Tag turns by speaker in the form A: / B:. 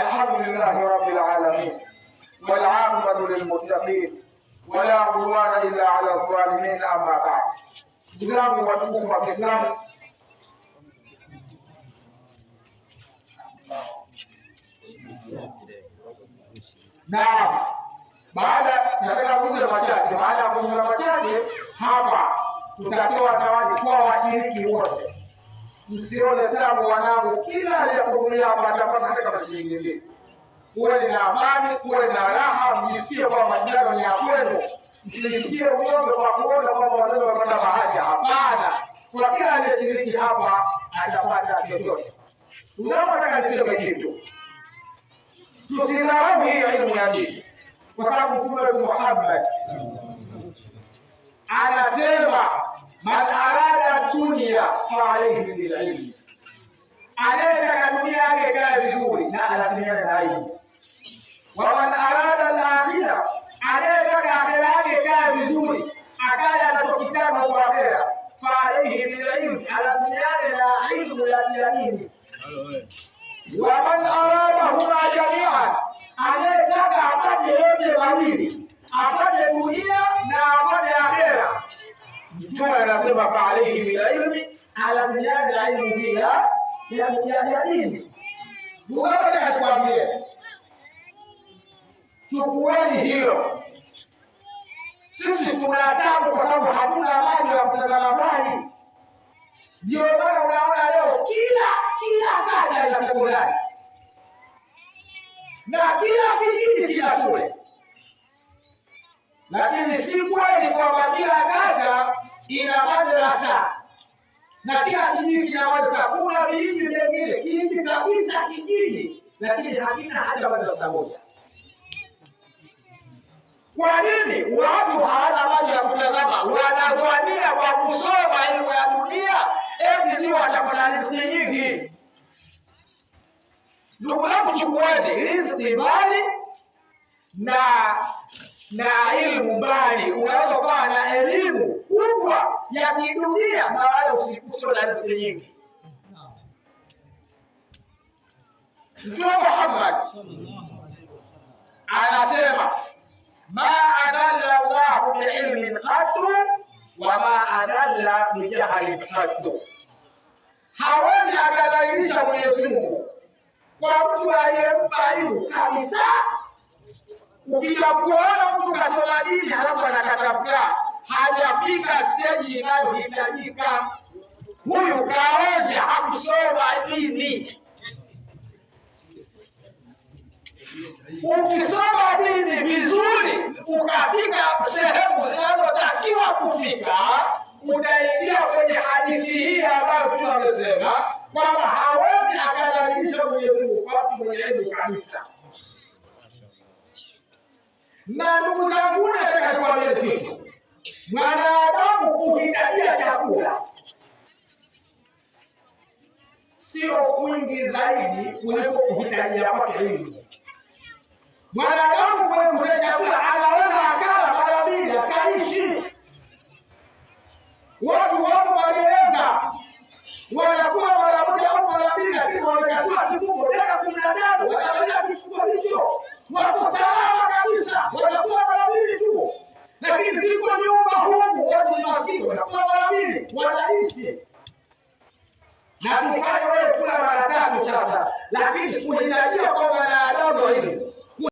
A: الحمد لله رب العالمين aqibatu lil ولا wala إلا على ala أما بعد ba'd. Ndugu zangu watukufu naam, baada nataka kuuza machache. Baada ya kuuza machache hapa, tutatoa zawadi kwa washiriki wote. Msione tabu wanangu, kila aliyapoguyama atapata hata kama shilingi. Kuwe na amani, kuwe na raha, mjisikie kwa majirani ni ya kwenu, msijisikie uoga kwa kuona kwamba wanaweza wamepata bahati. Hapana, kwa kila aliyeshiriki hapa atapata chochote. Unapotaka niseme kitu, tusidharau hii elimu ya dini, kwa sababu Mtume Muhammad anasema man تولي ما عليه من العلم علينا كدنيا كجاب جوري نعلى سنين العلم ومن أراد الآخرة علينا كأخرة كجاب جوري أكاد كتابه وغيره فعليه من العلم على سنين العلم واليمين ومن أرادهما جميعا علينا كأخرة كجاب جوري mtume anasema fa alayhi bil bililmi alamyada ilmu bila ya mujahidini. Ukataka atakwambia chukueni hilo. Sisi tuna tabu kwa sababu hatuna maji ya kutazama mbali, ndio maana unaona leo kila kila kata ina sekondari na kila kijiji kina shule, lakini si kweli kwamba kila kata inabado rakaa na kila kijiji kinaweza kuna vijiji vingine kijiji kabisa kijiji, lakini hakina hata madrasa moja. Kwa nini? Watu hawana macho ya kutazama, wanazwania kwa kusoma elimu ya dunia, eti ndio watapata riziki nyingi. Ndugu zangu, chukueni riziki, mali na na ilmu mbali, unaweza kuwa na elimu kubwa ya kidunia na wala usikuso na riziki nyingi. Mtume Muhammad anasema ma adalla llahu biilmin qatu wa ma adalla bijahlin qattu, hawezi akadhalilisha Mwenyezi Mungu kwa mtu aliyempa ilmu kabisa Ukijakuona mtu kasoma dini halafu anakatafuta hajafika steji inayohitajika, huyu kaoja, hakusoma dini. Ukisoma dini vizuri, ukafika sehemu zinazotakiwa kufika, utaingia kwenye hadithi hii ambayo tunasema kwamba hawezi akadhalilishwa Mwenyezi Mungu kwa mtu mwenye elimu kabisa. Na ndugu zangu, nataka kuambia kitu, mwanadamu kuhitajia chakula sio kwingi zaidi kuliko kuhitajia kwake Hivi Mwanadamu kwenye chakula ala Hatufai wewe kula mara tatu sasa, lakini kuhitajia kwa wanadamu hili